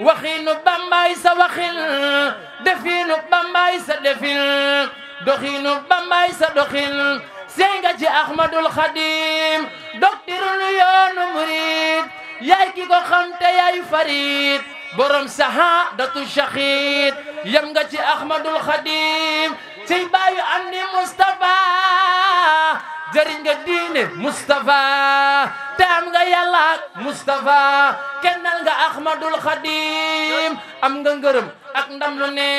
waxiinu bambaay sa waxin defiinu bambaay sa defin doxiinu bambaay sa doxin sey nga ci ahmadul xadim doktiru nu yoonu murid yaay ki ko xam te yaay farid borom sahadatu shahid yam nga ci ahmadul xadim sey baayu andi mustafa jëriñ nga diine Moustapha te am nga yàlla ak Moustapha kennal nga Ahmadul Xadim am nga ngërëm ak ndam lu ne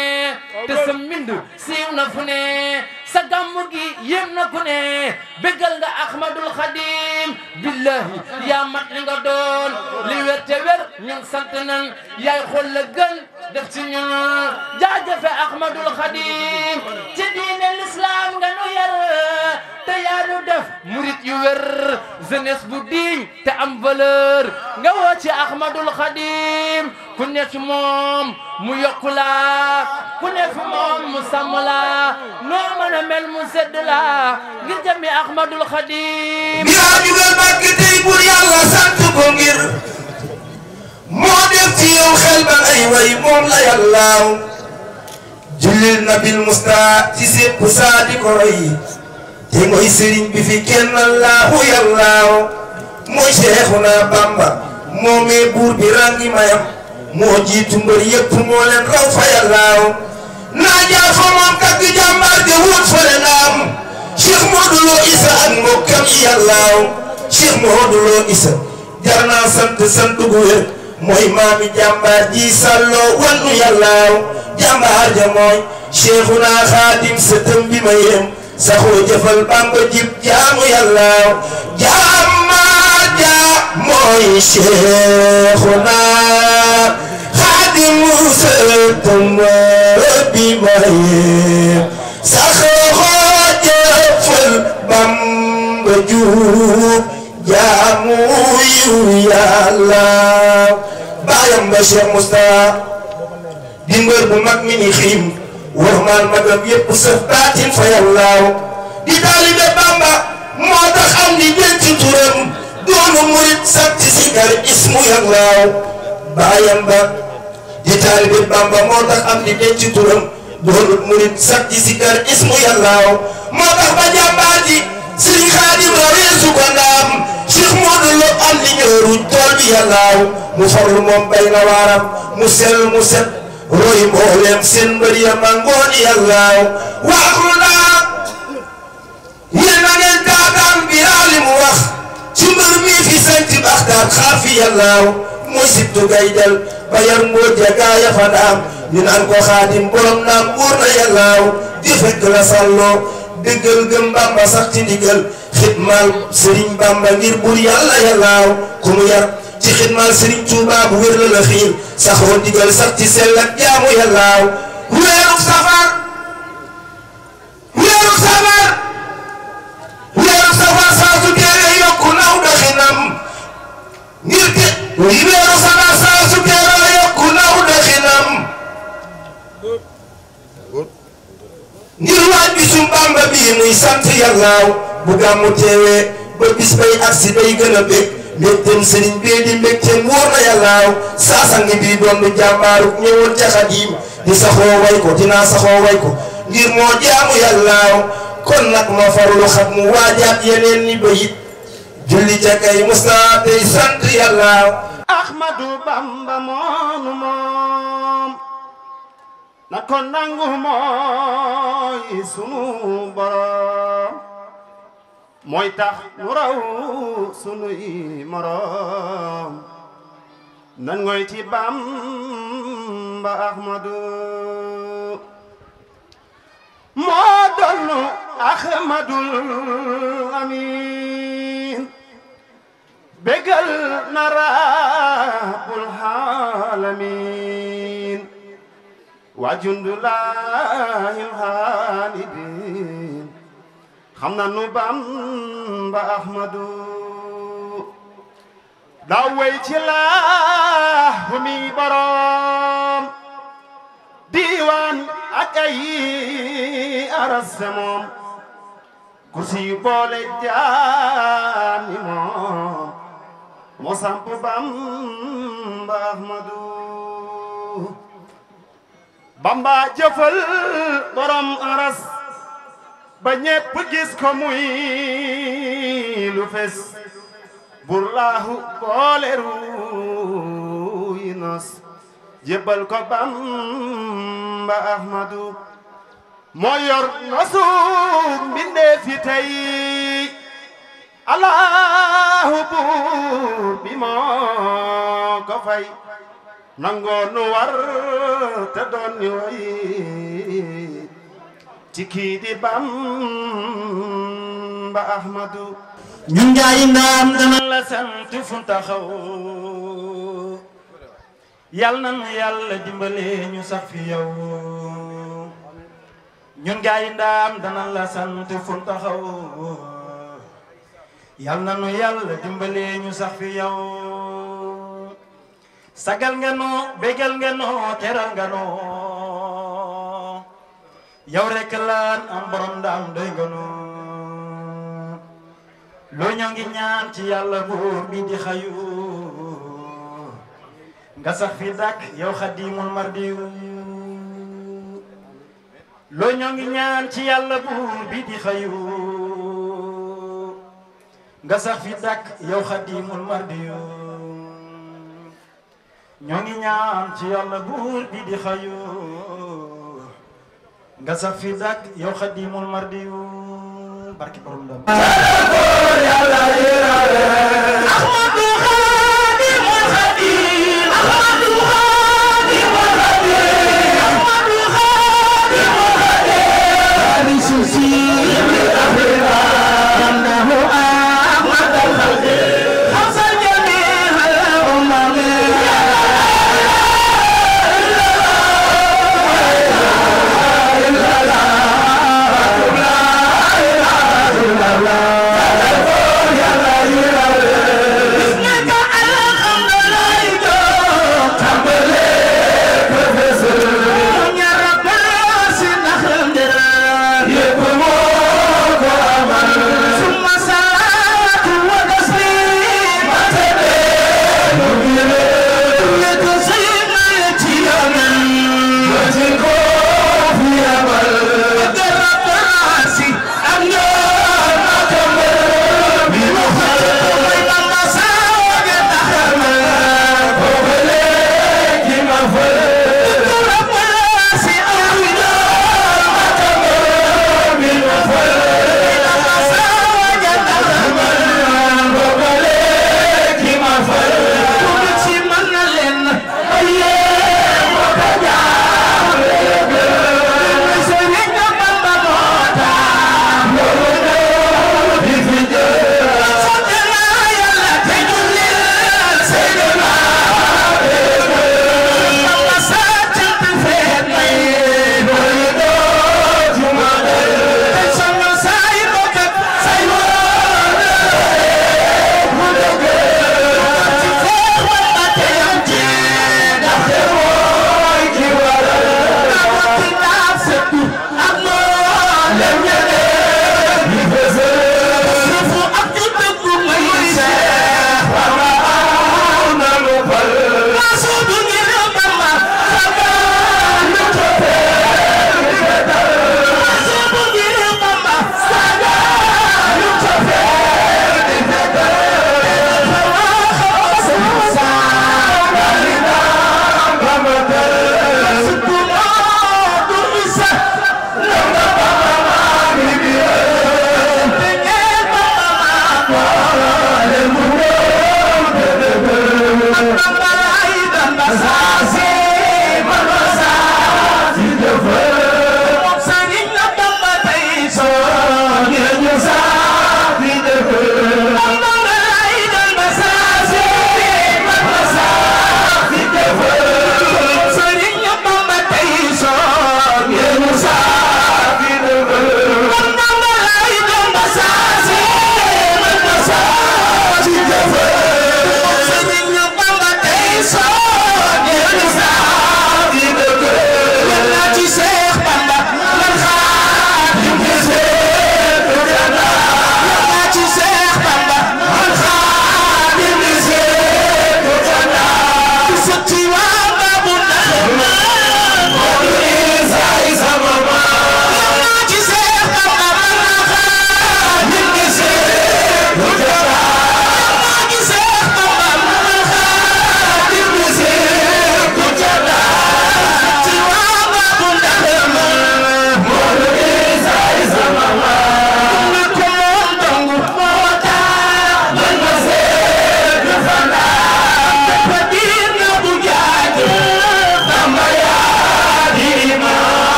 te sa mbind siiw na fu ne sa gàmmu gi yéem na ku ne bégal nga Ahmadul Xadim billahi yaa mat li nga doon li wér te wér ñun sant nañ yaay xool gën def ci ñun jaajëfe Ahmadul Xadim ci diine l'islam nga nu yar te yaanu def murit yu wér jeunesse bu digne te am valeur nga woo ci Ahmadul Xadim ku ne ci moom mu yokku laa ku ne fi moom mu sàmm laa noo mën mel mu sedd laa ngir jëmi Ahmadul Xadim yaa jugal Mbàkke tey buur yàlla sant ko ngir moo def ci yow xel ba ay way moom ci sépp saa di ko roy yi mooy sëriñ bi fi kenn allahu yallaaw mooy seexuna bamba moomee buur bi rangi mayam moo jiitu mbër yépp moo leen raw fa yallaaw naa jaar fa moom tagg jàmbaar de wóot fa leen am cheikh Modou Lo Issa ak mbokkam yi yallaaw cheikh Modou Lo Issa jar naa sant sant gu wér mooy maami jàmbaar ji sàlloo wannu yallaaw jàmbaar ja mooy cheikhuna xaadim sëtëm bi ma yem saxoo jëfal bànko jib jaamu yàlla jaama jaa mooy Seexuna Xaadimu Bamba bi mooy saxoo jëfal bànko jub jaamu yu yàlla baayam ba Cheikh Moustapha di mbër bu mag mi ni xiim wax maan magam yëpp sëf baatin fa yallaaw di taalibe Bamba moo tax am di denc turam doonu murit sant si gar ismu yallaaw baayam ba di taalibe Bamba moo tax am di denc turam doonu murit sant si gar ismu yallaaw moo tax ba jàmbaar ji Sëriñ Xaadim rawee su ko ndaam Cheikh Modou am li ñëru tool bi mu farlu moom mu sell mu set roy mboolem seen mbër ya mangoon wa waxu ye na a ta taataan bi li mu wax ci mar mi fi santi baxtaar xaafi yàllaaw mooy sibtu gaydel ba yar mbóot ya gaa ya fadam ni nan ko khadim borom na buur na yàllaaw ya di fek la sàlloo dëggal gem bamba sax ci digel khidmal serigne bamba ngir bur yàlla yàllaaw ya ku yar ci xidmal Serigne Touba wér la la xiir saxoo ndigal sax ci sell ak jaamu yàllaaw weeru safar weeru safar weeru safar saa su teeree yokku naw doxinam ngir te weeru safar saa su teeree yokku naw doxinam ngir waaj bisum Bàmba bii muy sant yàllaaw bu gàmmu teewee ba bis bay agsi day gën a bég mbégteem sëriñ bee di mbégteem wóor na yàllaaw saa sang bii doon du jàmbaaru ñëwoon ca xadiim di saxoo way ko dinaa saxoo way ko ngir moo jaamu yàllaaw kon nag ma farlu xam mu waajaat yeneen ni bayit julli ca kay musaa tey sant yàllaaw ahmadu bamba moonu moom na ko nangu mooy sunu mooy tax nu raw sunuy moroom nan ngoy ci Bamba Ahmadu moo donnu Ahmadul Amin bégal na rabbul alamin wa jundulahil xaalidin xam na nu Bamba Ahmadu daa ci laahu mi boroom diiwaan ak ay moom kursi yu boole jaani moom moo samp Bamba Ahmadu Bamba jëfal borom aras ba ñépp gis ko muy lu fes burlaahu boole ru yi nos ko Bamba Ahmadu moo yor nosu mbindeef allahu buur bi moo ko fay nangoo nu war te doon ñu way ci kii di Bamba Ahmadu ñun jaayi ndaam dana la sant fu yal nañu yàlla la sant fu taxaw yal nañu yàlla sax fi yow sagal nga noo bégal teral nga yow rek laan am borom ndam doy nga nu lu ñoo ngi ñaan ci yàlla buur bi di xayu nga sax fi dàkk yow xadimul mardiw loo ngi ñaan ci yàlla buur di xayu nga sax fi dàkk yow xadimul mardiw ñoo ngi ñaan ci yàlla buur bi di xayu nga sax fii dàkk yow xadimul mardiyu barki borom ndam